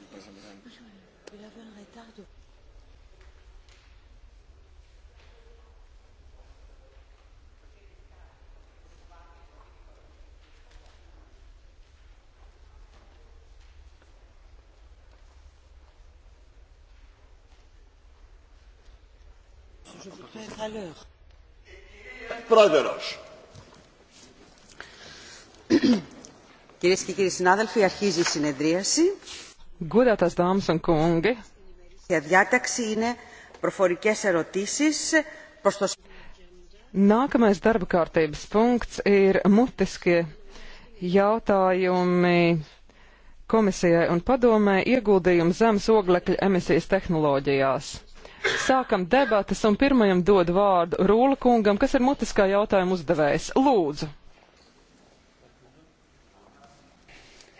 di cosa Milano. Voglio avere un ritardo. Je voudrais être à l'heure. Πρόεδρος. Κυρίες και κύριοι συνάδελφοι, αρχίζει η συνεδρίαση. Godātās dāmas un kungi! Nākamais darba kārtības punkts ir mutiskie jautājumi komisijai un padomē ieguldījumu zemes oglekļa emisijas tehnoloģijās. Sākam debatas un pirmajam dod vārdu Rūla kungam, kas ir mutiskā jautājuma uzdevējs. Lūdzu!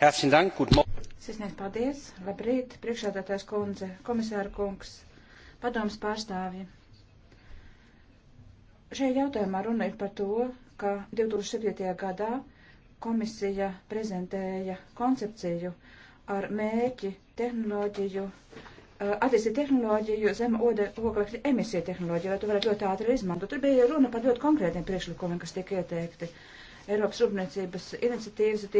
Herzlichen Dank, guten Morgen. Sisnieks, paldies. Labrīt, priekšādātājs kundze, komisāra kungs, padomas pārstāvji. Šajā jautājumā runa ir par to, ka 2007. gadā komisija prezentēja koncepciju ar mēķi tehnoloģiju, eh, attīstīt tehnoloģiju zem oglekļa emisiju tehnoloģiju, lai to varētu ļoti ātri izmantot. Tur bija runa par ļoti konkrētiem priekšlikumiem, kas tika ieteikti. Eiropas rūpniecības iniciatīvas,